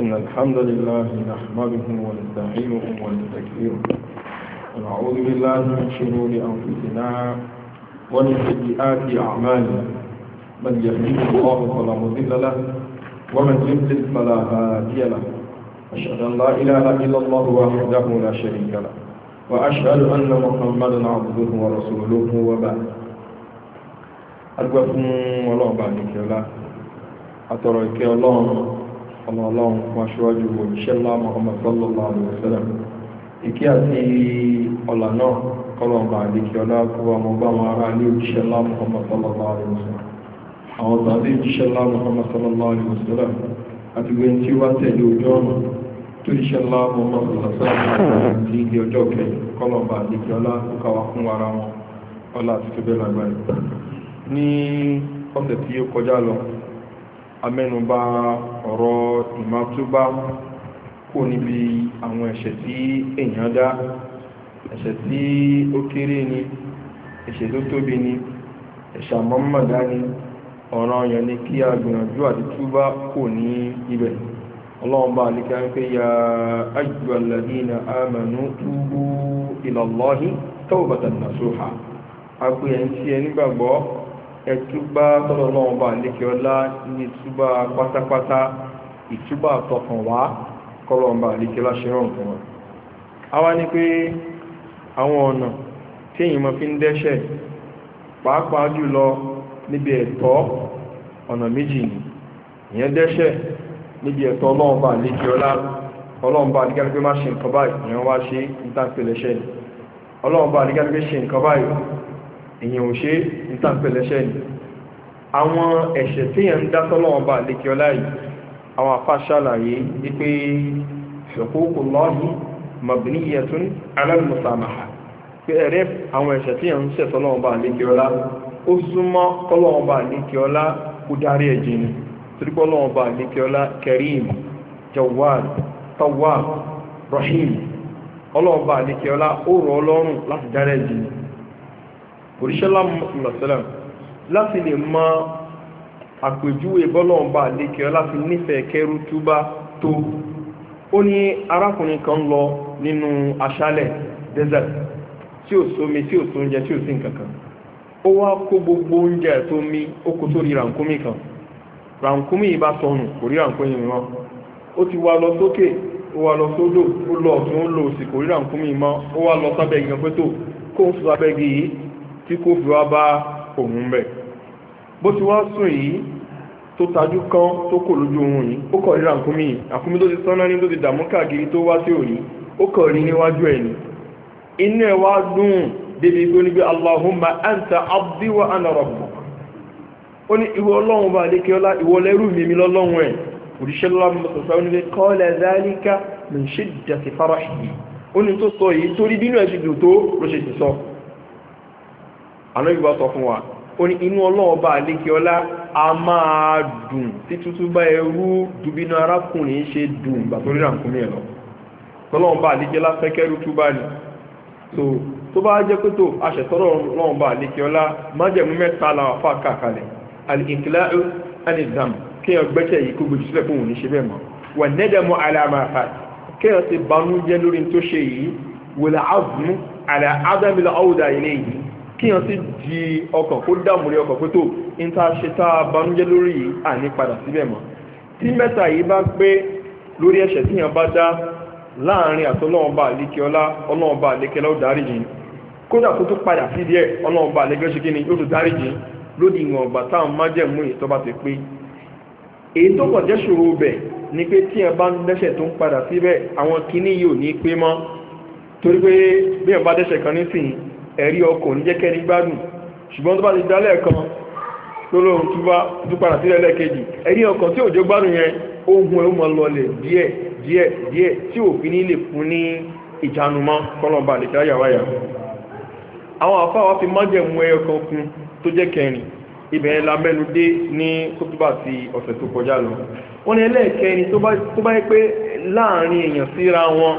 إن الحمد لله نحمده ونستعينه ونستكبره ونعوذ بالله من شرور أنفسنا ومن سيئات أعمالنا من يهديه الله فلا مضل له ومن يضلل فلا هادي له أشهد أن لا إله إلا الله وحده لا شريك له وأشهد أن محمدا عبده ورسوله وبعد أدعوكم الله بعدك لا أترك الله ọmọ ọlọ́run fún aṣíwájú ìṣẹ́lá Muhammad sallallahu alaihi wasallam ìkí àti ọ̀là náà kọlọ̀mbà àdìkí ọlá kó ọmọ bá wọn ará ní ìṣẹ́lá Muhammad sallallahu alaihi wasallam àwọn tàbí ìṣẹ́lá Muhammad sallallahu alaihi wasallam àti gbé tí wá tẹ̀lé ojú ọ̀nà tó ìṣẹ́lá Muhammad sallallahu alaihi wasallam ti di ọjọ́ kẹyìn kọlọ̀mbà àdìkí ọlá kó káwá fún ara wọn ọlá àti tó bẹ́ẹ̀ lágbàáyé ní ọ̀sẹ̀ tí ó kọjá lọ amẹ́nubà ọ̀rọ̀ ìmọ̀túbà kò níbi àwọn ẹ̀ṣẹ̀ tí èèyàn dá ẹ̀ṣẹ̀ tí ó kéré ni ẹ̀ṣẹ̀ tó tóbi ni ẹ̀ṣẹ̀ ya ni ọ̀ràn ọ̀yàn ni kí a gbìyànjú àti túbá kò ní ibẹ̀ ọlọ́ọ̀bá ya ilallahi ẹtúbá tọ́lọ̀ bá lékè ọlá ní ìtúbá pátápátá ìtúbá tọkàn wá kọ́lọ̀ bá lékè fún tí èyí mọ́ fi ń dẹ́ṣẹ̀ pàápàá jùlọ níbi ẹ̀tọ́ ni ìyẹn dẹ́ṣẹ̀ níbi ẹ̀tọ́ ọlọ́run bá ọlá ọlọ́run bá pé má ṣe nǹkan báyìí ìyẹn wá èyàn ò ṣe ìtànpẹ̀lẹ̀ṣẹ́ ni àwọn ẹ̀ṣẹ̀ tí yẹn ń dá sọ́lọ́wọ́n bá lékẹ́ ọlá yìí àwọn afá ṣàlàyé wípé huququllahi mabniyatun ala al-musamaha pé ẹ̀rẹ́ àwọn ẹ̀ṣẹ̀ tí yẹn ń ṣẹ̀ sọ́lọ́wọ́n bá lékẹ́ ọlá ó súnmọ́ kọ́lọ́wọ́n bá lékẹ́ ọlá kó rọ̀ ọlọ́rùn láti dárí ẹ̀jẹ̀ òṣìṣẹ́lá mọ̀sálàm láti lè mọ àpèjúwe bọ́lọ́ọ̀bá lékẹ́ láti nífẹ̀ẹ́ kẹrù túbá tó ó ní arákùnrin kan lọ nínú aṣálẹ̀ desert tí ò sómi tí ò sóúnjẹ tí ò sí nǹkankan ó wá kó gbogbo oúnjẹ tó mí ó kó sórí rànkúmí kan rànkúmí ìbá sọnù kò rí rànkúmí mọ́ ó ti wá lọ sókè ó wá lọ sódò ó lọ ọ̀tún ó lọ òsì kò rí rànkúmí mọ́ ó wá lọ sábẹ́ kan pé tó kó ń sọ abẹ́gi yìí tí kò fi wá bá òun bẹ̀ bó ti wá sùn yìí tó tajú kan tó kò lójú oorun yìí ó kọ̀ ríra nkúmi yìí àkúmi tó ti sán ní tó ti dààmú káàkiri tó wá sí òní ó kọ̀ rí níwájú ẹ̀ ni inú ẹ̀ wá dùn débi pé níbi Allahumma anta abdi wa ana rabbuk ó ní ìwọ ọlọ́run bá lé kíọ́lá ìwọ lẹ́rù mímí lọ́lọ́run ẹ̀ òjíṣẹ́ lọ́lọ́run sọ̀sọ́ ní pé qala dhalika min shiddati farahihi ó ní tó sọ yìí torí bínú ẹ̀ ṣe dùn tó ló ṣe ti sọ ànábìbá sọ fún wa ó ní inú ọlọ́ọ̀bá àlékiọlá a máa dùn tí tútù bá ẹrú dùbínú arákùnrin ṣe dùn ìgbà tó ríra nǹkan mìíràn tọ́lọ́ọ̀bá àlékiọlá fẹ́kẹ́rú túbá ni so tó bá jẹ́ pé tó aṣẹ̀tọ́rọ̀ ọlọ́ọ̀bá àlékiọlá májẹ̀mú mẹ́ta làwọn afá kàkalẹ̀ alìkìláàrú anìzam kí ẹ gbẹ́sẹ̀ yìí kó gbèjì sílẹ̀ fún òun ní ṣe bẹ́ẹ̀ mọ́ kíyàn sí di ọkàn kó dààmú rí ọkàn pé tó níta ṣe tá a banújẹ́ lórí yìí àní padà síbẹ̀ mọ́ tí mẹ́ta yìí bá pé lórí ẹ̀ṣẹ̀ tíyàn bá dá láàrin àtọ́lọ́wọ́n bá àlékeọlá ọlọ́wọ́n bá àlékeọlá ó dárí jìn kódà tó tún padà sí díẹ̀ ọlọ́wọ́n bá àlékeọlá ṣe kí ni yóò tún dárí jìn lódì ìwọ̀n ọ̀gbà táwọn májẹ̀mú yìí tó bá ti pé èyí tó kọ̀ jẹ́ ṣòro bẹ̀ ni pé tí ẹ bá ń dẹ́ṣẹ̀ tó ń padà síbẹ̀ àwọn kinní yìí ò ní pé mọ́ torí pé bí ẹ bá dẹ́ṣẹ̀ kan nísìnyí ẹ̀rí ọkọ̀ ní jẹ́kẹ́ni gbádùn ṣùgbọ́n tó bá ti dálẹ̀ kan tó tó bá tó padà sílẹ̀ lẹ́ẹ̀kejì ẹ̀rí ọkọ̀ tí òjò gbádùn yẹn ohun ẹ̀ ó lọlẹ̀ díẹ̀ díẹ̀ díẹ̀ tí òfin ní lè fún ní ìjànùmọ́ la láàrin wọn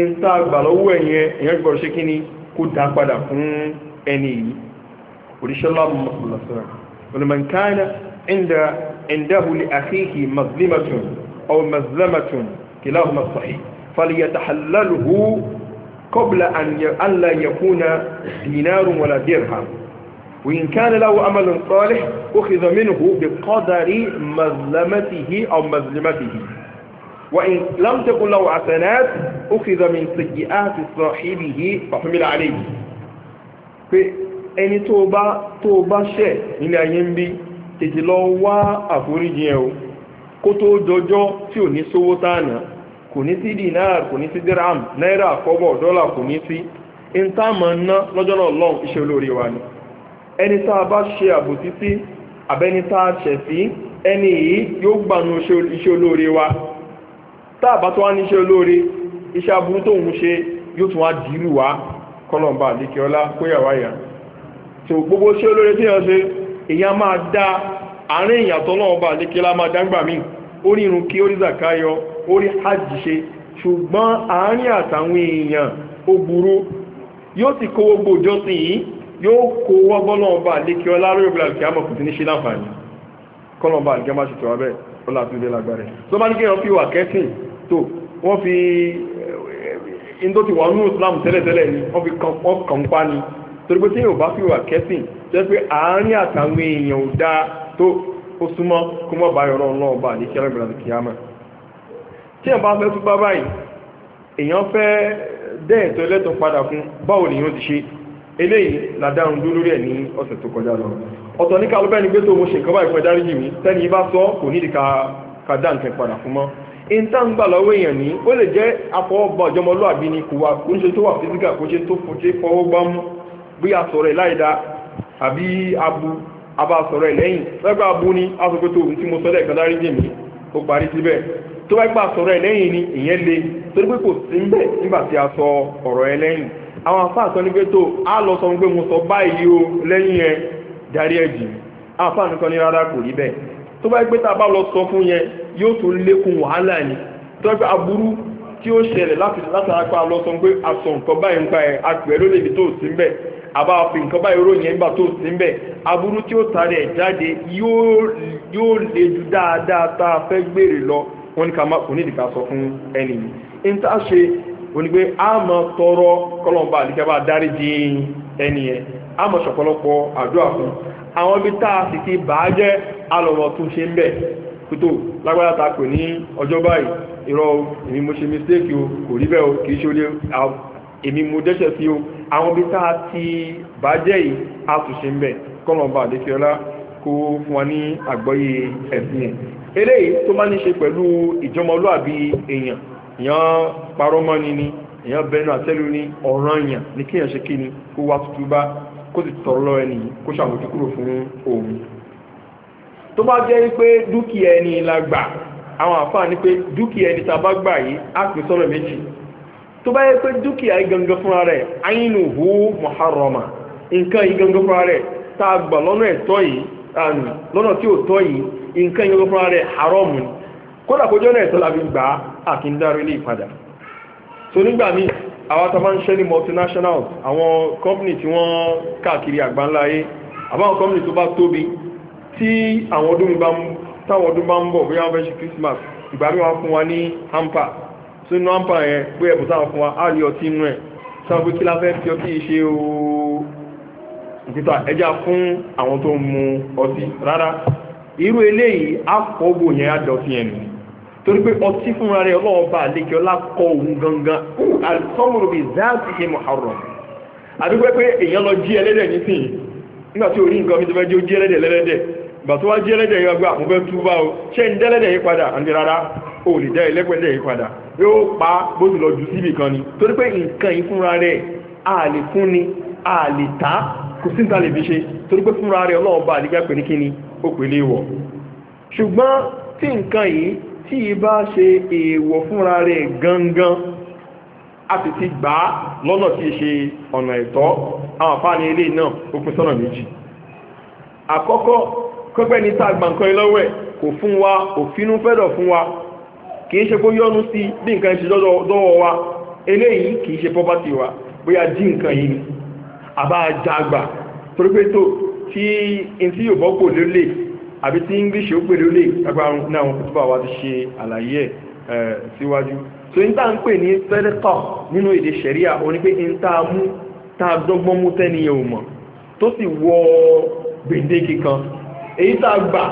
ìta àgbàlọ́wọ́ ẹ̀yẹ ìyẹn gbọ́rọ̀ ṣe kí ni kó dá padà fún ẹni yìí òdíṣẹ́lá mọ̀sánlọ́sán olùmọ̀nkánà inda indahu li akhihi mazlimatun aw mazlamatun kilahuma sahih falyatahallaluhu qabla an la yakuna dinarun wala dirham وإن كان له أمل صالح أخذ منه بقدر مظلمته أو مظلمته وإن لم تكن له حسنات أخذ من سيئات صاحبه فحمل عليه pé ẹni tó bá tó bá ṣẹ̀ nílé ayé ń bí tètè lọ wá àforíjì ẹ̀ o kó tó dọjọ́ tí ò ní sówó tánà kò ní sí dinar kò ní sí dirham náírà kọ́bọ̀ dọ́là kò ní sí in tá ma ná lọ́jọ́ náà lọ́n iṣẹ́ olóore wa ni ẹni tá a bá ṣe àbòsí sí àbẹ́ni tá a ṣẹ̀ sí ẹni yìí yóò gbanú iṣẹ́ olóore wa táàbà tó wá níṣẹ́ olóore iṣẹ́ aburú tó ń ṣe yóò tún wá dìírù wá kọlọ̀mbà àdíkẹ́ọlá kóyàwáyà tó gbogbo ṣe olóore tí yàn ṣe èyàn máa dá àárín ìyàtọ̀ náà bá àdíkẹ́lá máa dágbà mí orí irun kí orí zakayọ orí hajj ṣe ṣùgbọ́n àárín àtàwọn èèyàn ó burú yóò sì kó gbogbo ìjọsìn yìí yóò kó wọ́gbọ́n náà bá lórí ìbìlà kìámọ̀ kò ti ní ṣe tó bá ní kí wọ́n fi wà kẹ́sìn tó wọ́n fi in eh, tó ti wà ní islam tẹ́lẹ̀tẹ́lẹ̀ ni wọ́n fi kàn pa ni torí pé tí yóò bá fi wà kẹ́sìn tẹ́ pé àárín àtàwọn èèyàn ò dáa tó ó súnmọ́ kó mọ́ bá yọrọ ọlọ́run bá ní kẹ́rẹ́ ìgbàlódé kìámà tí èèyàn bá fẹ́ tún bá báyìí èèyàn fẹ́ dẹ́ ẹ̀tọ́ ẹlẹ́tọ̀ padà fún báwo nìyàn ti ṣe eléyìí làdáhùn dúró rẹ̀ ní ọ̀sẹ̀ tó kọjá lọ ọ̀tọ̀ ní kálọ́bẹ́ni pé tó mo ṣe nǹkan báyìí fún ẹ̀dáríjì mi tẹ́ni bá sọ kò nídìí ka dá nǹkan padà fún mọ́ ìta ń gbà lọ́wọ́ èèyàn ní ó lè jẹ́ afọwọ́gbà ọjọ́mọlúàbí ni kò wà kó ń ṣe tó wà físíkà kó ṣe tó fòṣe fọwọ́gbà mú bí a sọ̀rọ̀ ìláìda àbí abu abá sọ̀rọ̀ ìlẹ́yìn lẹ́gbà abu ni a sọ pé tó ohun tí mo sọ́lẹ̀ kan dárí jèmí ó parí síbẹ̀ tó bá gbà sọ̀rọ̀ ìlẹ́yìn ni ìyẹn le torí pé kò sí ń bẹ̀ nígbà tí a sọ ọ̀rọ̀ ẹlẹ́yìn àwọn afáà sọ ní pé tó a lọ sọ pé mo sọ báyìí o lẹ́yìn ẹ darí ẹ̀jì afáà nìkan ní rárá kò rí bẹ́ẹ̀ tó bá gbé tàbá lọ sọ fún yẹn yóò tó wàhálà ni tó bá tí ó ṣẹlẹ̀ láti látàrápá lọ pé aṣọ nǹkan báyìí ń pa ẹ̀ tó sí ń bẹ̀ àbá fi nǹkan báyìí ròyìn ẹgbà tó sí ń bẹ̀ tí lọ wọn ni ká má sọ fún ń tá a ṣe tọrọ kọlọmbà bá dárí yẹn a máa ṣọ̀pọ̀lọpọ̀ àdúrà àwọn ibi táà sì ti bàá jẹ́ alọ̀rọ̀ tún ṣe ń bẹ̀ kútó lágbára ta pè ní ọjọ́ báyìí irọ́ èmi mo ṣe mistake o kò rí bẹ́ẹ̀ o kìí ṣe olè èmi mo dẹ́ṣẹ̀ sí o àwọn ibi táà ti bàá jẹ́ yìí a tún ṣe ń bẹ̀ kọ́lọ̀mbà àdékíọlá kó fún wa ní àgbọ́yé ẹ̀sìn ẹ̀ eléyìí tó má ní ṣe pẹ̀lú ìjọmọlúàbí èèyàn èèyàn parọ́mọ́ni ni èèyàn bẹnu àtẹ́lú ni ọ̀ràn èèyàn ní kíyàn ṣe kí ni kó wá tútú bá kó sì tọrọ lọ ẹni kó ṣàmójú kúrò fún òun tó bá jẹ́ pé dúkìá ẹni la gbà àwọn àfáà ní pé dúkìá ẹni tá a bá gbà yìí á pè sọ́nà méjì tó bá yẹ pé dúkìá igangan fúnra rẹ̀ ayinu hu muharrama nǹkan igangan fúnra rẹ̀ tá a gbà lọ́nà ẹ̀tọ́ yìí lọ́nà tí ò tọ́ yìí nǹkan igangan fúnra rẹ̀ haramu ni kódà kójọ́ náà ẹ̀tọ́ la fi gbà á kì í dárí ilé ìpadà so nígbà míì àwọn tó máa ń ṣẹ́ ní multinationals àwọn company tí wọ́n káàkiri àgbáńlá ayé àbáwọn company tó bá tóbi tí àwọn ọdún bá ń táwọn ọdún bá ń bọ̀ bóyá wọ́n fẹ́ ṣe Christmas ìgbà mi wọ́n fún wa ní hamper sínú hamper yẹn bóyá ẹ̀bùn táwọn fún wa á rí ọtí inú ẹ̀ sáwọn pé kí la fẹ́ fi ọtí ṣe ooo ìpítà fún àwọn tó ń mu ọtí rárá irú eléyìí á fọ́ gbò yẹn á dọ̀tí yẹn nìyí torí pé ọtí fúnra rẹ̀ ọlọ́ọ̀bá àlejò lákọ̀ òun gangan alùsọ́mùrù bí záàtì ṣe mọ̀ àrọ̀ àdúgbẹ́ pé èèyàn lọ jí ẹlẹ́dẹ̀ nísìn nígbà tí orí nǹkan mi tó fẹ́ jí ó jí ẹlẹ́dẹ̀ lẹ́lẹ́dẹ̀ ìgbà tó wá jí ẹlẹ́dẹ̀ yìí gbà mo fẹ́ tú bá o ṣé ń dẹ́lẹ́dẹ̀ yìí padà àti rárá o lè dẹ́ ẹlẹ́pẹ̀lẹ́ yìí padà yóò pa bó ti lọ jù síbì kan ni torí pé nǹkan yìí fúnra rẹ̀ a lè fún ni a lè ta kò sí níta lè fi ṣe torí pé fúnra rẹ̀ ọlọ́ọ̀bá àdígbà pè ní kíni ó pè léwọ̀ ṣùgbọ́n tí nǹkan yìí tí ìbá ṣe èèwọ̀ fúnra rẹ̀ gangan a sì ti gbà á lọ́nà tí ṣe ọ̀nà ẹ̀tọ́ àwọn àfáàní ilé náà ó pín sọ́nà méjì àkọ́kọ́ kọ́pẹ́ ní tàgbà nǹkan ilọ́wẹ̀ kò fún wa òfinú fẹ́dọ̀ fún wa kìí ṣe kó yọ́nú sí bí nǹkan ṣe dọ́wọ́ wa eléyìí kìí ṣe pọ́pátì wa bóyá jí nǹkan yìí ni àbá àjàgbà torípé tó tí in tí yóò bọ́ lélẹ̀ àbí tí english ó pèrè ó lè agbára náà wọn wá ti ṣe àlàyé ẹ̀ síwájú so n tá ń pè ní sẹ́dẹ́kọ̀ nínú èdè sẹ̀ríà oní pé n tá mú tá dọ́gbọ́n mú tẹ́niyàn ò mọ̀ tó sì wọ gbèǹdéke kan èyí tá gbà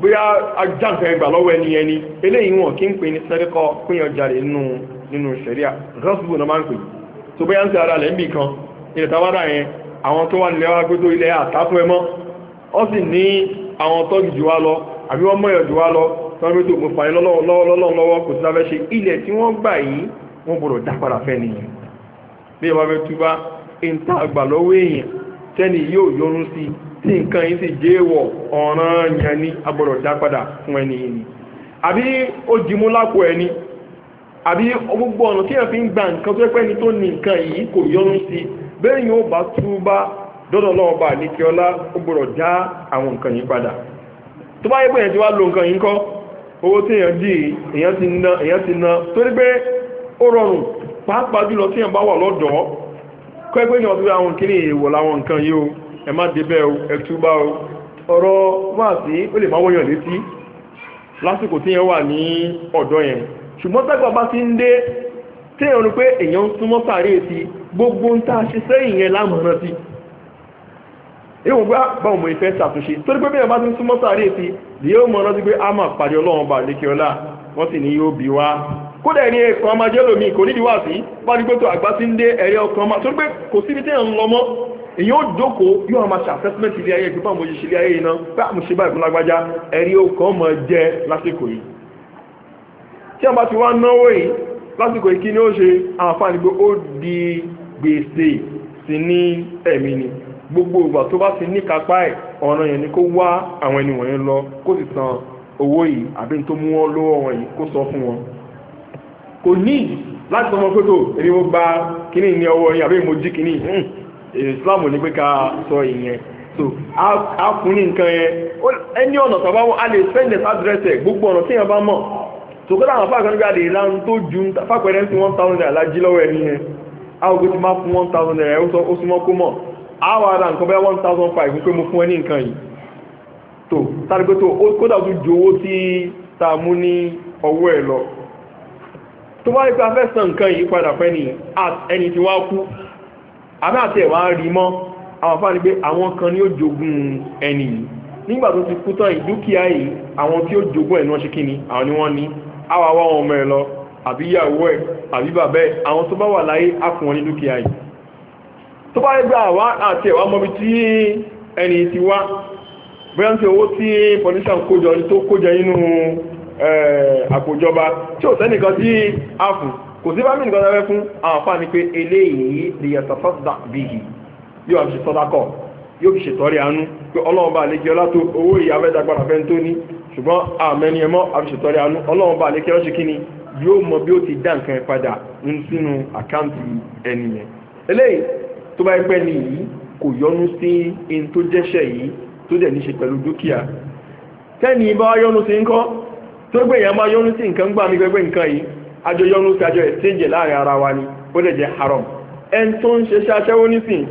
bóyá ajáǹkan ẹgbà lọ́wọ́ ẹni ẹni eléyìí wọn kí ń pè ní sẹ́dẹ́kọ̀ pínyàn jáde nínú nínú sẹ̀ríà gọ́sùbù ó sì ní àwọn tọ́jú jù wá lọ àbí wọ́n mọ̀yàn jù wá lọ tọ́jú tó mú fàyín lọ́wọ́ kò sí lábẹ́ ṣe ilẹ̀ tí wọ́n gbà yìí wọ́n gbọ́dọ̀ dá padà fẹ́ nìyẹn bí ẹ bá fẹ́ túbá ìta àgbà lọ́wọ́ ni a gbọ́dọ̀ dá padà fún ẹni yìí ni àbí ó jimú lápò ẹni ọ̀nà tí ẹ fi ń gba nǹkan tó pẹ́ni tó ní nǹkan yìí kò yọrú sí bẹ́ẹ̀ yóò bá túbá dọ́dọ̀ lọ́ọ̀bà àlékẹ́ ọlá ó gbọ́dọ̀ já àwọn nǹkan yìí padà tó bá yẹ pé èyàn ti wá lo nǹkan yìí kọ́ owó tí èyàn dì èyàn ti ná èyàn ti ná torí pé ó rọrùn pàápàá jùlọ tí èyàn bá wà lọ́dọ̀ kọ́ ẹgbẹ́ èyàn ti àwọn kíní èèwọ̀ láwọn nǹkan yìí o ẹ má débẹ̀ o ẹ túbá o ọ̀rọ̀ máa sí ó lè má wọ́yàn létí lásìkò tí èyàn wà ní ọ̀dọ́ yẹn ṣùgbọ́n tágbà bá ti ń dé tí èyàn rí pé èyàn súnmọ́ sàárè ti gbogbo ń tá a ṣe sẹ́yìn yẹn lámọ̀ràn ti ìwọ̀n gbá báwọn mọ̀ ìfẹ́ ṣàtúnṣe torí pé bẹ́ẹ̀ bá ti ń súnmọ́ sáré sí yóò mọ̀ rántí pé a máa pàdé ọlọ́run bá lékè ọlá wọ́n sì ní yóò bí wá kódà ẹni ẹ̀kọ́ amájẹ́lòmí kò nídìí wá sí bá ní pẹ́tọ́ àgbá sí ń dé ẹ̀rẹ́ ọkàn máa torí pé kò síbi tí ẹ̀ ń lọ mọ́ èyí ó jókòó yóò máa ṣe assessment ilé ayé ìgbìmọ̀ àmọ́ òṣìṣẹ́ ilé ayé iná bá àmọ́ ṣe báyìí fún lágbájá ẹ̀rí ọkàn mọ̀ jẹ́ lásìkò yìí tí a bá ti wá náwó yìí lásìkò yìí kí ni ó ṣe àǹfààní pé ó di gbèsè sí ní ẹ̀mí ni gbogbo ìgbà tó bá ti ní kápá ẹ̀ ọ̀ràn yẹn ni kó wá àwọn ẹni wọ̀nyẹn lọ kó sì san owó yìí àbí tó mú wọn lówó wọn yìí kó sọ fún wọn kò ní láti sọ wọn pé tó èmi mo gba kíní ní ọwọ́ yìí àbí mo jí kíní hmm, Islam ní pé ká sọ ìyẹn so a fún ní nǹkan yẹn ẹni ọ̀nà tó bá wọn a lè send this address ẹ̀ gbogbo ọ̀nà tí yẹn bá mọ̀ so kó láwọn fáàkàn nígbà lè lan tó ju fáàpẹ̀rẹ́ sí one thousand naira lájí lọ́wọ́ ẹni yẹn a ò gbé ti máa fún one thousand naira ó súnmọ́ kó mọ̀ àwàrà nǹkan bẹ́ 1005 wípé mo fún ẹ ní nǹkan yìí tó tàbí pé tó kódà tó jowó tí ta mú ní ọwọ́ ẹ̀ lọ tó wá rí pé afẹ́sàn nǹkan yìí padà fẹ́ ni ẹni tí wá kú àmì àti ẹ̀wà rí mọ́ àwọn afáàní pé àwọn kan ní ó jogún ẹni yìí nígbà tó ti kú tán yìí dúkìá yìí àwọn tí ó jogún ẹ̀ ní wọ́n ṣe kíni àwọn ni wọ́n ní àwàwọ́ ọmọ ẹ̀ lọ àbíyàwó ẹ̀ àbí bàbá ẹ̀ àwọn tó bá wà láyé á dúkìá yìí tó bá rí gbà àti ẹ̀wà mọ́bí tí ẹni ti wá bẹ́ẹ̀ tí owó tí pọ̀lísàn kójọ ní tó kójọ inú àpòjọba tí ò sẹ́nìkan tí a fún kò sí bá mìnìkan tẹ́fẹ́ fún àǹfà ní pé eléyìí lè yàtọ̀ sọ́dà bìhì yóò fi sọ́dákọ̀ yóò fi ṣètọ́rí àánú pé ọlọ́run bá lè kí ọlá tó owó ìyàfẹ́dàgbàrà fẹ́ tó ní ṣùgbọ́n àmẹ́ni ẹmọ́ àfiṣètọ́rí àánú ọlọ́run bá lè kí ọlọ́ṣe kí ni yóò mọ bí ó ti dá nǹkan padà sínú àkáǹtì ẹnìyẹn eléyìí tó bá pẹ́ ni yìí kò yọnu sí in tó jẹ́ṣẹ̀ yìí tó dẹ̀ níṣe pẹ̀lú dúkìá tẹ́ni bá yọnu sí ń kọ́ tó gbé èèyàn máa yọnu sí nǹkan gbà mí gbẹ́gbẹ́ nǹkan yìí àjọ yọnu sí àjọ ẹ̀sẹ̀jẹ̀ láàrin ara wa ni haram ẹn tó ń ṣe ṣaṣẹ́wó nísìn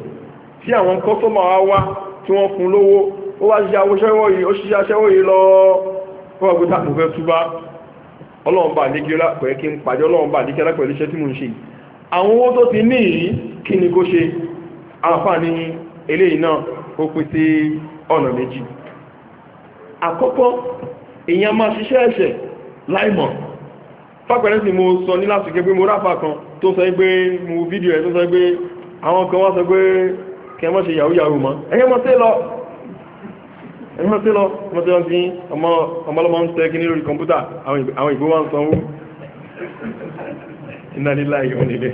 tí àwọn wa wá tí wọ́n fún lówó ó wá ṣiṣẹ́ aṣẹ́wó yìí ó ṣiṣẹ́ aṣẹ́wó yìí lọ wọ́n gbé tàbí ah, fẹ́ túbá owó tó ti ní kí ni kó ṣe àfà ní eléyìí náà ó pín sí ọ̀nà méjì àkọ́kọ́ èèyàn máa ṣiṣẹ́ ẹ̀ṣẹ̀ láìmọ̀ fápẹ̀rẹ́ sí mo sọ ní láti gẹ́gbé mo ráfà kan tó sọ pé mo fídíò ẹ̀ tó sọ pé àwọn kan wọ́n sọ pé kẹmọ́ ṣe yahoo yahoo mọ́ ẹ̀yẹ́ mọ́ sí lọ ẹ̀yẹ́ mọ́ sí lọ mọ́ sí lọ sí ọmọlọmọ ń tẹ́ kí ní lórí kọmpútà àwọn ìgbówà ń sanwó ìnáníláyọ̀ nílé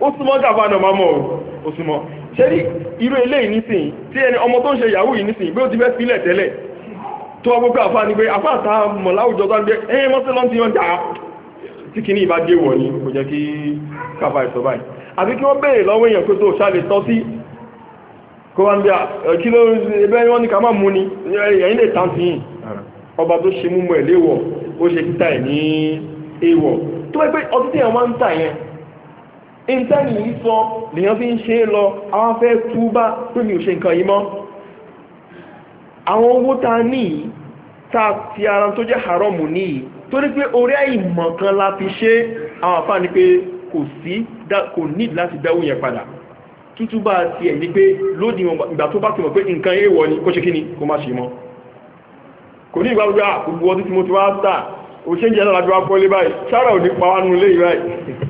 ó súnmọ́ gàbá náà máa mọ̀ ó súnmọ́ ṣe rí irú ilé ìnísìn tí ẹni ọmọ tó ń ṣe yahoo ìnísìn bí ó ti fẹ́ sílẹ̀ tẹ́lẹ̀ tó ọgbọ́ pé ní pé àfáà tá mọ̀ láwùjọ tó ń gbé ẹyẹ mọ́sí lọ́n ti yọ́n jà tí kì ní ìbá dé wọ̀ ní kò jẹ́ kí káfà ìsọ báyìí àbí kí wọ́n béèrè lọ́wọ́ èèyàn pé tó ṣàlè tọ́ sí kó wá ń bí kí ló ẹgbẹ́ wọn ní ká má mú ni ẹ̀yìn lè tán sí yìn ọba tó ṣe múmọ̀ ẹ̀ tí èèyàn ń tà yẹn ìntẹ́nì yìí sọ lèyàn fi ń ṣe é lọ àwọn fẹ́ túbá pé mi ò ṣe nǹkan yìí mọ́ àwọn owó ta ní ta ti ara tó jẹ́ haramu ní torí pé orí àìmọ̀ kan la fi ṣe àwọn àfáà ní pé kò sí kò níd láti dáwó yẹn padà tútúbà ti ẹ̀ ní pé lódì ìgbà tó bá ti mọ̀ pé nǹkan èèwọ̀ ni kó ṣe kí ni kó má ṣe mọ́ kò ní ìgbà ah, gbogbo ọdún tí mo ti wá tà òṣèǹjẹ́ lára bí wá bọ́lé báyìí sára ò ní pa wá nulé báyìí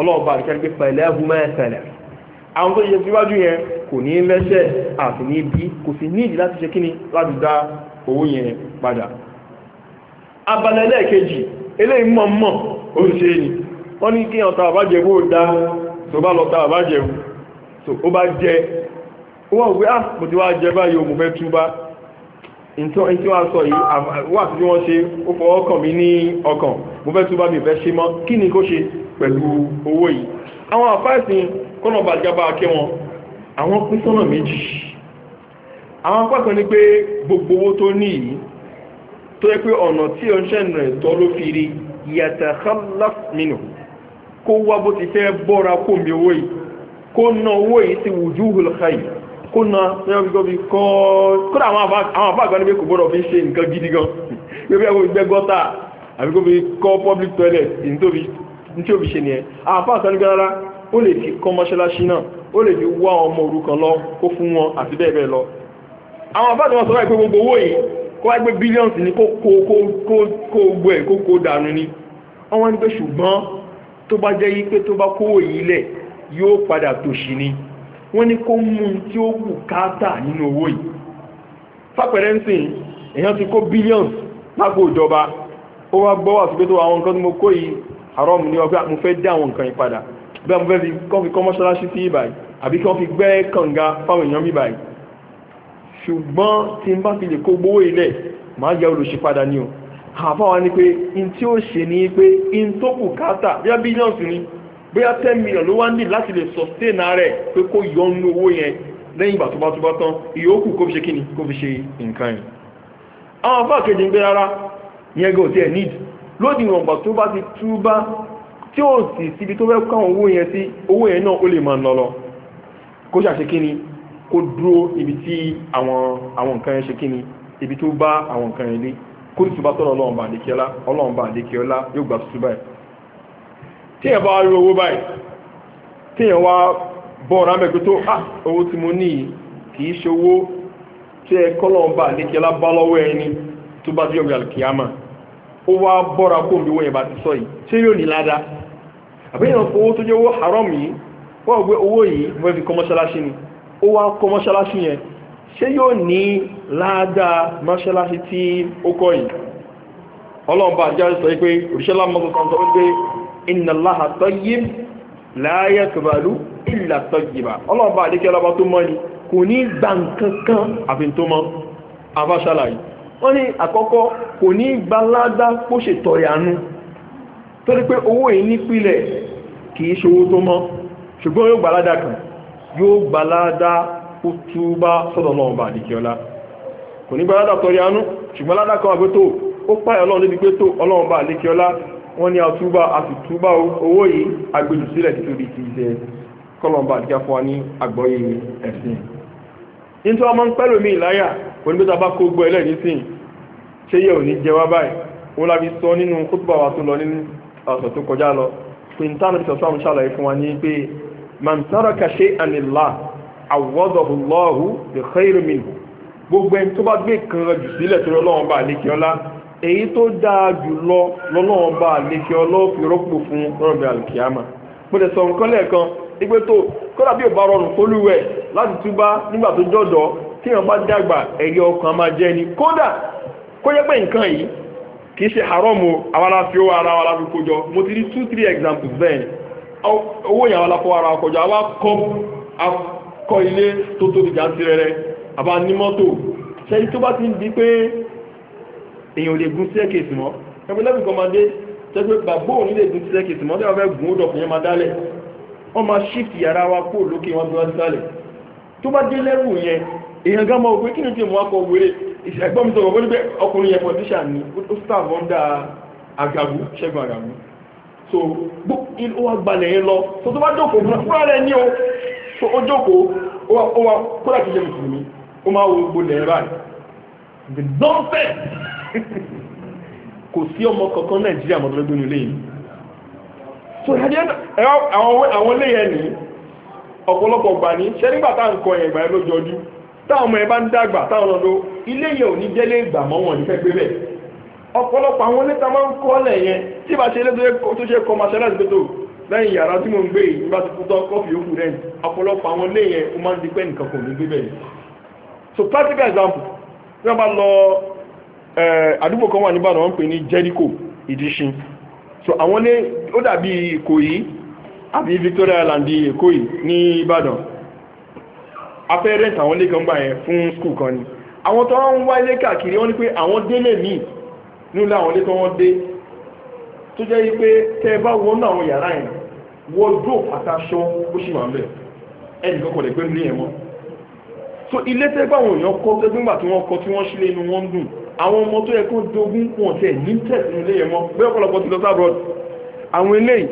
ọlọ́ọ̀bá àríkẹ́ pé pẹ̀lẹ́ ẹ̀húnmọ́ ẹ̀sẹ̀lẹ̀ àwọn tó yẹ síwájú yẹn kò ní lẹ́sẹ̀ àti ní bí kò sí nídìí láti ṣe kíni láti dá owó yẹn padà abala ẹlẹ́ẹ̀kejì eléyìí mọ̀ mọ̀ ó ṣe ni wọ́n ní kí ọ̀tá àbájẹ́ bó dá tó bá lọ́ta àbájẹ́ tó ó bá jẹ wọ́n wé á mo wá jẹ báyìí mo fẹ́ túbá ìtí wọ́n sọ yìí wà tí wọ́n ṣe ó fọwọ́ kàn mí ní ọkàn mo fẹ́ túbá mi fẹ́ ṣe mọ́ kí ni kó ṣe pẹ̀lú owó yìí àwọn àfáìsìn kọ́nà bàjábá akẹ́ wọn àwọn pín sọ́nà méjì àwọn apákan ní pé gbogbo owó tó ní yìí tó yẹ pé ọ̀nà tí ó ń ṣẹ̀nà ẹ̀tọ́ ló fi rí yàtà khalaf minhu kó wá bó ti fẹ́ bọ́ra kó mi owó yìí kó ná owó yìí sí wujuhul khayr kó na ẹgbẹ́gbẹ́bí kọ́ kódà àwọn àbáàgbà níbi kò gbọ́dọ̀ fi ṣe nǹkan gidi gan gbẹ́gbẹ́ gbẹ́gbọ́ta àbíkó fi kọ́ public toilet ìntóbi ní tí ó fi ṣe nìyẹn àáfàá sọ ní gánára ó lè fi kọ́ mọ́ṣáláṣí náà ó lè fi wá ọmọ òrukàn lọ kó fún wọn àti bẹ́ẹ̀ bẹ́ẹ̀ lọ àwọn àfáà tí wọ́n sọ gbogbo owó yìí kó wáyé pé bílíọ̀nsì ní kó gbogbo ẹ̀ kó kó dànù ni wọ́n wá ní pé ṣùgbọ́n tó bá jẹ́ yí pé tó bá kówó yìí lẹ̀ yóò padà tòṣì ni wọ́n ní kó mú tí ó kù káàtà nínú owó yìí fàpẹ̀rẹ́ ń sìn èèyàn ti kó bílíọ̀nsì lápò ìjọba ó wá gbọ́ wà sí pé tó àwọn nǹkan tí mo kó yìí haram ní ọgbẹ́ mo fẹ́ dá àwọn nǹkan yìí padà bẹ́ẹ̀ mo fẹ́ fi kọ́ fi kọ́ mọ́ṣáláṣí sí ìbàyí àbí kí wọ́n fi gbẹ́ kànga fáwọn èèyàn mi báyìí ṣùgbọ́n tí n bá fi lè kó gbówó ilẹ̀ máa jẹ́ olùṣípadà ní o àfáwa ni pé in tí ó ṣe ní pé in tó kù káàtà bóyá bílíọ̀nsì ni bóyá 10 million ló wá ní láti lè sustain rẹ̀ pé kó yọ nínú owó yẹn lẹ́yìn ìgbà tó bá tó bá tán ìyókù kó fi ṣe kíni kó fi ṣe nǹkan yìí àwọn afá ń gbé rárá yẹn gò tí ẹ̀ need lódì ìwọ̀nbà tó bá ti túbá tí ó sì síbi tó fẹ́ káwọn owó yẹn sí owó yẹn náà ó lè máa lọ lọ kó ṣàṣe kí ni kó dúró ibi tí àwọn nǹkan yẹn ṣe kí ni ibi tó bá àwọn nǹkan yẹn lé kó ní túbá tọ́lọ̀ ọlọ́ọ̀bà àdékíọ́lá ọlọ́ọ̀bà àdékíọ́lá yóò gbà tútù báyìí tí èèyàn bá rí owó báyìí tí èèyàn wá bọ́ ọ̀rá mẹ́gbẹ́ tó ah owó tí mo ní kì í ṣe owó tí ẹ kọ́lọ́ọ̀bà àdékíọ́lá bá lọ́wọ́ ẹni tó bá dé ọ̀gbìn àlùkìyàmà ó wá bọ́ra kó bí wọ́n yẹn bá ti sọ yìí ṣé yóò ní ládá àbẹ́yàn owó tó jẹ́ owó haram yìí wọ́n gbé owó yìí wọ́n fi kọ́ mọ́ṣáláṣí ni ó wá kọ́ mọ́ṣáláṣí yẹn ṣé yóò ní ládá mọ́ṣáláṣí tí ó kọ́ yìí ọlọ́ọ̀bá jáde sọ pé òṣìṣẹ́lá mọ́kànkan sọ pé inna Allaha tayyib la yaqbalu illa tayyiba ọlọ́ọ̀bá àdékẹ́lọ́bá tó mọ́ ni kò ní gbà nǹkan kan àfi tó mọ́ afáṣálà yìí wọ́n ní àkọ́kọ́ kò ní gbaládá kó ṣe tọ̀rẹ̀ àánú torí pé owó yìí nípìlẹ̀ kìí ṣòwò tó mọ́ ṣùgbọ́n yóò gbaládá kan yóò gbaládá kó túbá sọ́dọ̀ náà bà dìkíọ́lá kò ní gbaládá tọ̀rẹ̀ àánú ṣùgbọ́n ládá kan àgbé tó ó páyà ọlọ́run níbi pé tó ọlọ́run ní tí wọ́n mọ́ ń pẹ́lò mí ìláyà onígbẹ́ta bá kó gbọ́ ẹlẹ́ nísìn ṣé yẹ ò ní jẹ wá báyìí wọ́n lábi sọ nínú kútùbà wa tó lọ nínú ọ̀sọ̀ tó kọjá lọ pintana bisọ sáwọn ṣàlàyé fún wa ní pé man taraka shay'an lillah Allahu bi khayrin minhu gbogbo ẹni tó bá gbé kan jù sílẹ̀ tó lọ́wọ́n bá lékè ọlá èyí tó dáa jù lọ ìpé tó kọ́dà bí ò bá rọrùn kólúwẹ̀ láti túbá nígbà tó jọ́dọ̀ tí wọ́n bá dàgbà ẹ̀rí ọkàn máa jẹ́ ni kódà kó jẹ́ pé nǹkan yìí kìí ṣe àrọ́mù awara fi owó ara wala fi kójọ mo ti rí two three examples bẹ́ẹ̀ owó yẹn wala fọwọ́ ara kọjọ àwa kọ́ ilé tó tóbi jáde rẹ̀ àbá ní mọ́tò ṣẹ́yí tó bá ti ń di pé èyàn ò lè gún staircase mọ́ ẹgbẹ́ lẹ́bìn kan máa dé tẹ́gbẹ́ bàbá òun lè gún staircase mọ́ fẹ́ gún ó dọ̀fún yẹn máa dálẹ̀ wọ́n máa shift yàrá wa kó lókè wọn bí wọ́n sálẹ̀ tó bá dé lẹ́rù yẹn èèyàn gan mọ́ òpin kí ni tí mo akọ wéré ìṣẹ́gbọ́n mi sọ̀rọ̀ wọ́n pé ọkùnrin yẹn pọ̀tíṣà ni ó staff under Àgàbù Ṣẹ́gun Àgàbù so ó wá gbalẹ̀ yẹn lọ so tó bá jókòó fúnra rẹ̀ ní o so ó jókòó ó wá kúrò kìí ṣe mùsùlùmí ó máa wo gbogbo lẹ́yìn báyìí the nonsense kò sí ọmọ kankan Nàìjíríà mọ́tọ́lẹ́gbẹ́nu lẹ́yìn so eh, àwọn ọ̀pọ̀lọpọ̀ táwọn ọmọ ń dàgbà táwọn ọdún iléyẹ ò ní jẹ́lé ìgbà mọ́ ní fẹ́ pé ọ̀pọ̀lọpọ̀ àwọn oníta máa ń kọ́ lẹ̀ yẹn tí bá ṣe lédè tó ṣe kọ màṣẹ́láṣì pé tó lẹ́yìn yàrá tí mo ń gbé yìí ti example tí wọ́n bá lọ eh, àdúgbò kan wà níbàdàn wọ́n ń Jericho ìdíṣin so àwọn ní ó dàbí Ìkòyí àbí Victoria Island Èkó yìí ní Ìbàdàn afẹ́ àwọn ilé kan gbà yẹn fún skul kan ni àwọn tó wọ́n ń wá ilé káàkiri wọ́n ní pé àwọn délé míì nílò àwọn ilé tó wọ́n dé tó jẹ́ pé tẹ́ bá wọnú àwọn yàrá yẹn wardrobe àtàṣọ ó sì máa ń bẹ̀ ẹnì kan kò ní ẹ̀wọ̀n so ilé tẹ́ bá àwọn èèyàn kọ́ tẹ́gbẹ́gbà tí wọ́n kọ́ tí wọ́n sílé inú wọn dùn àwọn ọmọ tó yẹ kó dogun wọn tẹ̀ ní tẹ̀sí ilé yẹn mọ́ bẹ́ẹ̀ ọ̀pọ̀lọpọ̀ ti lọ sábrọ̀d àwọn eléyìí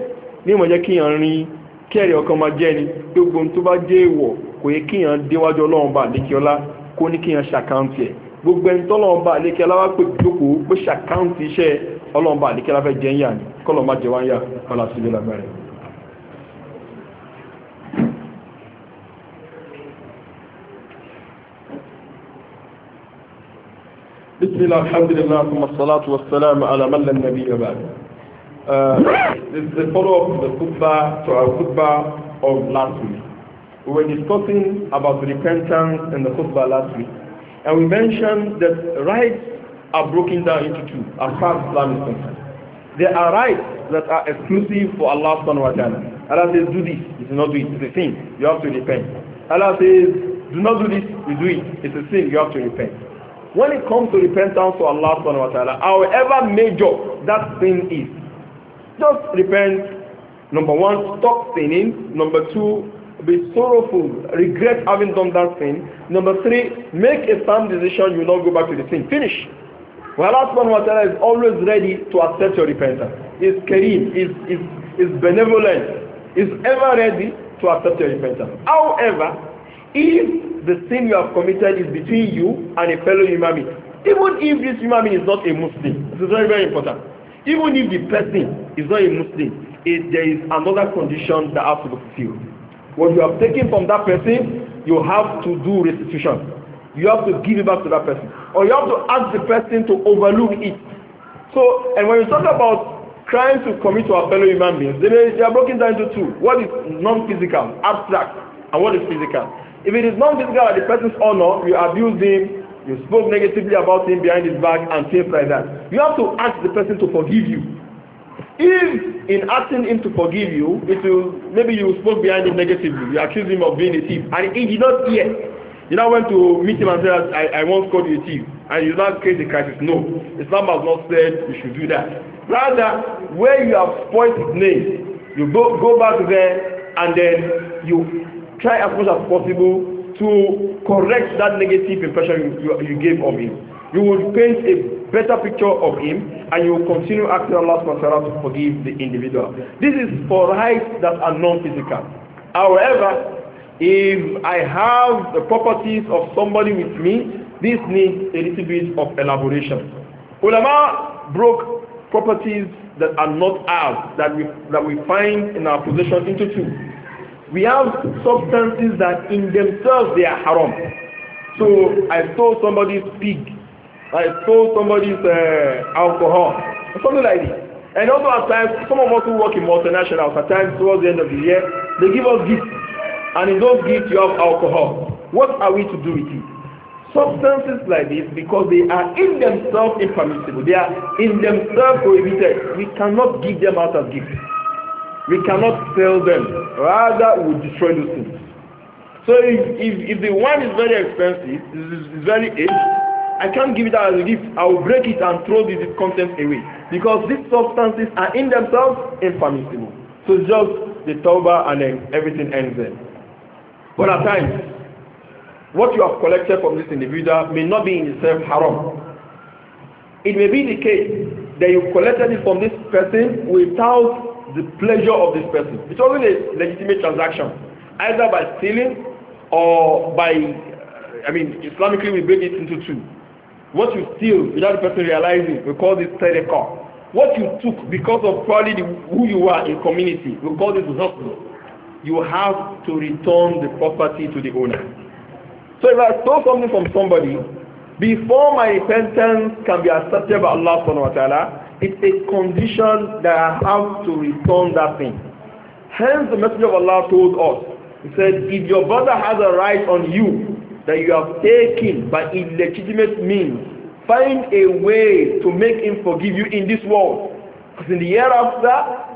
ní ìmọ̀ jẹ́ kíyàn rin kẹ́rì ọkàn máa jẹ́ ni gbogbo tó bá jẹ́ ìwọ̀ kò yẹ kíyàn déwájú ọlọ́run bá lékiọlá kó ní kíyàn ṣàkáǹtì ẹ̀ gbogbo ẹni tọ́lọ́run bá lékiọlá wá ni kọ́lọ́ má jẹ́ wá ń yà kọ́lá Bismillah, alhamdulillah, salatu wa salam ala man lam nabiyya ba'd. is the follow-up of the khutbah to our khutbah of last week. We were discussing about repentance in the khutbah last week. And we mentioned that rights are broken down into two as far as Islam is concerned. There are rights that are exclusive for Allah subhanahu wa ta'ala. Allah says, do this. You do not do it. It's a sin. You have to repent. Allah says, do not do this. You do it. It's a sin. You have to repent when it comes to repentance to Allah subhanahu wa ta'ala, however major that sin is, just repent. Number one, stop sinning. Number two, be sorrowful, regret having done that sin. Number three, make a firm decision, you will not go back to the sin. Finish. Well, Allah subhanahu wa ta'ala is always ready to accept your repentance. Is Kareem, is, is, is benevolent, is ever ready to accept your repentance. However, if the sin you have committed is between you and a fellow human being even if this human being is not a muslim this is very very important even if the person is not a muslim it, there is another condition that has to be fulfilled what you have taken from that person you have to do restitution you have to give it back to that person or you have to ask the person to overlook it so and when you talk about crimes to commit to our fellow human beings they, they are broken down into two what is non-physical abstract and what is physical If it is not difficult at the person's honor, you abuse him, you spoke negatively about him behind his back and things like that. You have to ask the person to forgive you. If in asking him to forgive you, it will, maybe you spoke behind him negatively, you accused him of being a thief, and he did not hear. You now went to meet him and said, I, I once called you a thief, and you now create the crisis. No, Islam has not said you should do that. Rather, where you have spoiled his name, you go, go back there and then you try as much as possible to correct that negative impression you, you, you gave of him. You will paint a better picture of him and you will continue asking Allah subhanahu to forgive the individual. This is for rights that are non-physical. However, if I have the properties of somebody with me, this needs a little bit of elaboration. Ulama broke properties that are not ours, that we, that we find in our possession into two we have substances that in themselves they are haram. So I stole somebody's pig, I stole somebody's uh, alcohol, something like this. And also at times, some of us who work in multinationals, at times towards the end of the year, they give us gifts. And in those gifts you have alcohol. What are we to do with it? Substances like this, because they are in themselves impermissible, they are in themselves prohibited, we cannot give them out as gifts. We cannot sell them. Rather, we destroy those things. So if, if, if the wine is very expensive, is very aged, I can't give it as a gift. I will break it and throw the content away. Because these substances are in themselves impermissible. So just the tawbah and then everything ends there. But at times, what you have collected from this individual may not be in itself haram. It may be the case that you collected it from this person without the pleasure of this person. It wasn't a legitimate transaction, either by stealing or by, uh, I mean, Islamically we break it into two. What you steal without the person realizing, we call this sadaqah. What you took because of probably the, who you are in community, we call this hustle. You have to return the property to the owner. So if I stole something from somebody, before my repentance can be accepted by Allah subhanahu wa ta'ala, It's a condition that I have to return that thing. Hence the message of Allah told us, he said, if your brother has a right on you that you have taken by illegitimate means, find a way to make him forgive you in this world. Because in the hereafter,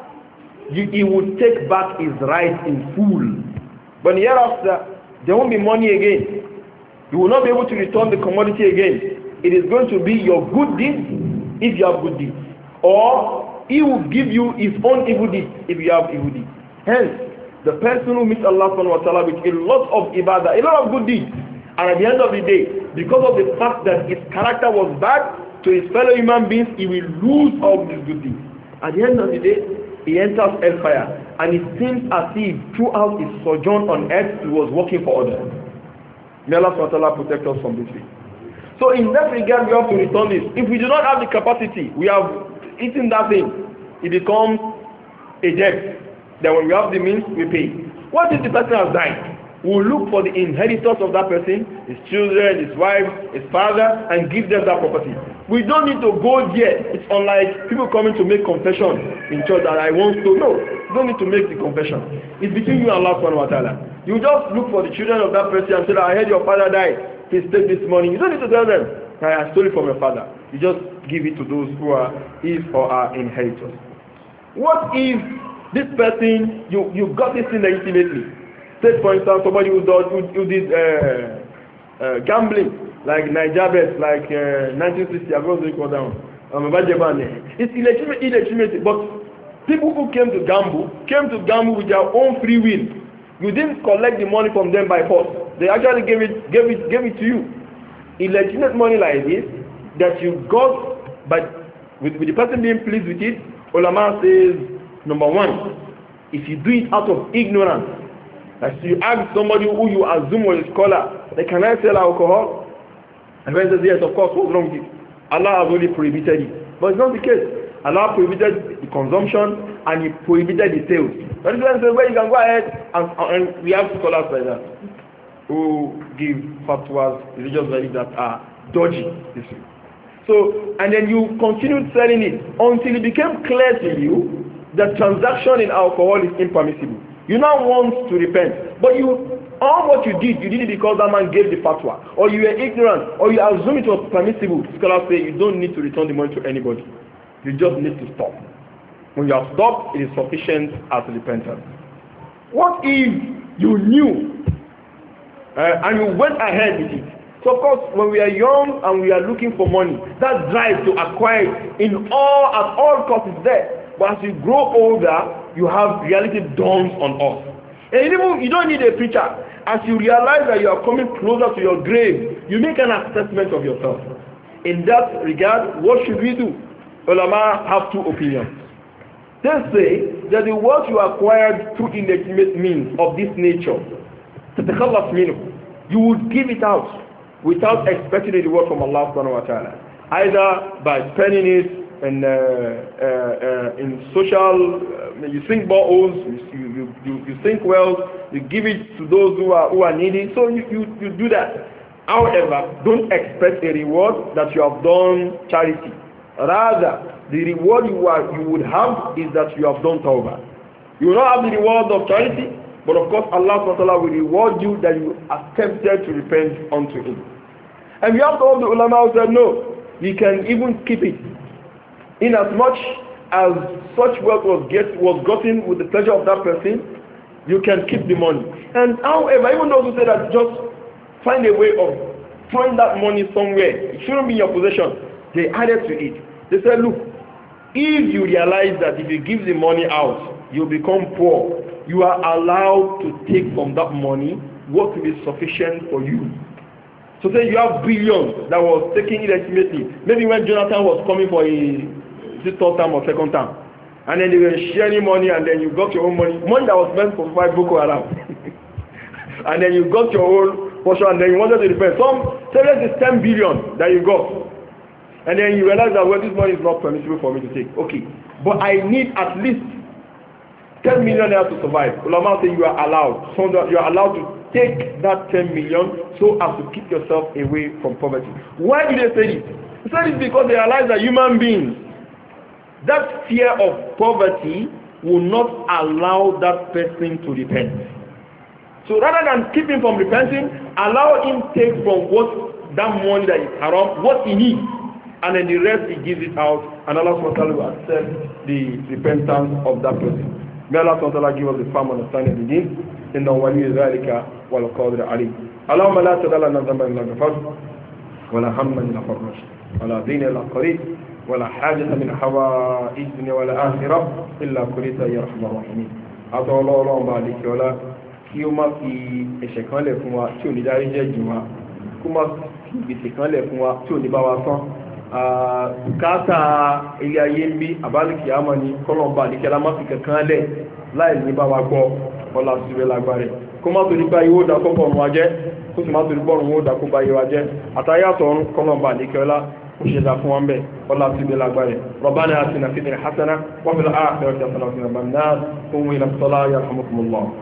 you, he will take back his right in full. But in the after, there won't be money again. You will not be able to return the commodity again. It is going to be your good deeds if you have good deeds or he will give you his own evil deed if you have evil deed. Hence, the person who meets Allah subhanahu wa ta'ala with a lot of ibadah, a lot of good deeds, and at the end of the day, because of the fact that his character was bad to his fellow human beings, he will lose all these good deeds. At the end of the day, he enters hellfire, and it seems as if throughout his sojourn on earth, he was working for others. May Allah subhanahu wa ta'ala protect us from this thing. So in that regard, we have to return this. If we do not have the capacity, we have eating that thing, it becomes a debt. Then when we have the means, we pay. What if the person has died? We'll look for the inheritors of that person, his children, his wife, his father, and give them that property. We don't need to go there. It's unlike people coming to make confession in church that I want to. No, you don't need to make the confession. It's between you and Allah subhanahu wa ta'ala. You just look for the children of that person and say, I heard your father died. Please take this money. You don't need to tell them. I stole it from your father. You just give it to those who are his or her inheritors. What if this person, you, you got this thing legitimately? Take for instance somebody who, does, who, who did uh, uh, gambling, like Niger like uh, 1960, I'm going to go down. Um, it's illegitimate, illegitimate, but people who came to gamble, came to gamble with their own free will. You didn't collect the money from them by force. They actually gave it, gave it, gave it to you illegitimate money like this that you got but with, with the person being pleased with it ulama says number one if you do it out of ignorance like you ask somebody who you assume was a scholar they can I sell alcohol and when person says yes of course what's wrong with it Allah has only prohibited it but it's not the case Allah prohibited the consumption and he prohibited the sales But is why I say well you can go ahead and, and we have scholars like that who give fatwas, religious values that are dodgy. So, and then you continued selling it until it became clear to you that transaction in alcohol is impermissible. You now want to repent, but you all what you did, you did it because that man gave the fatwa, or you were ignorant, or you assumed it was permissible. Scholars say you don't need to return the money to anybody. You just need to stop. When you have stopped, it is sufficient as repentance. What if you knew uh, and you went ahead with it. So of course, when we are young and we are looking for money, that drive to acquire in all at all costs is there. But as you grow older, you have reality dawns on us. And even you don't need a preacher. As you realize that you are coming closer to your grave, you make an assessment of yourself. In that regard, what should we do? Ulama have two opinions. They say that the wealth you acquired through illegitimate means of this nature, تتخلص منه you would give it out without expecting a reward from Allah subhanahu wa ta'ala either by spending it in, uh, uh, uh, in social uh, you sink bottles you, you, you, you sink wells you give it to those who are, who are needy so you, you, you do that however don't expect a reward that you have done charity rather the reward you, are, you would have is that you have done tawbah you will not have the reward of charity But of course, Allah Taala will reward you that you attempted to repent unto Him. And we have all the ulama who said, no, you can even keep it. In as much as such wealth was, get, was gotten with the pleasure of that person, you can keep the money. And however, even those who say that just find a way of find that money somewhere, it shouldn't be in your possession, they added to it. They said, look, if you realize that if you give the money out, you become poor, you are allowed to take from that money what will be sufficient for you. So say you have billions that was taken illegitimately. Maybe when Jonathan was coming for a third time or second time, and then they were sharing money, and then you got your own money, money that was meant for five Boko Haram, and then you got your own portion, and then you wanted to defend. Some say this is ten billion that you got, and then you realize that well this money is not permissible for me to take. Okay, but I need at least 10 million naira to survive ulama say you are allowed so you are allowed to take that 10 million so as to keep yourself away from poverty why do they say this they say this because they realize that human beings that fear of poverty will not allow that person to repent so rather than keep him from repenting allow him take from what that money that is around, what he needs and then the rest he gives it out and Allah subhanahu wa ta'ala will accept the repentance of that person May Allah SWT give us the firm understanding of the deen. إنه ولي ذلك والقادر عليم. اللهم لا تدع لنا ذنبا إلا غفرته ولا هما إلا فرجته ولا دين إلا قريب ولا حاجة من حوائجنا ولا آخرة إلا قريت يا رحمة الرحيم. أتوا الله الله مالك ولا kí ó má fi ẹ̀ṣẹ̀ kan lẹ̀ fún wa tí ò ní dárí jẹ́ jù wa kó má fi gbèsè kan lẹ̀ fún wa tí ò ní bá wa tán bùkátà ilé ayé ń bí àbálìkì àmọ́ ní kọ́lọ̀mbà àdìkẹ́lá má fi kankan lẹ̀ láì ní bá wa gbọ́ ọlá síbẹ̀ lágbàrẹ̀ kó má torí bá yíwó dákọ́ bọ̀rùn wa jẹ́ kó sì má torí bọ̀rùn wó dákọ́ bá yíwa jẹ́ àtàyàtọ̀ ọ̀run kọ́lọ̀mbà àdìkẹ́lá ó ṣe dá fún wọn bẹ́ẹ̀ ọlá síbẹ̀ lágbàrẹ̀ rọ̀bánà àti nàfíìdì hasana wọ́n fi lọ́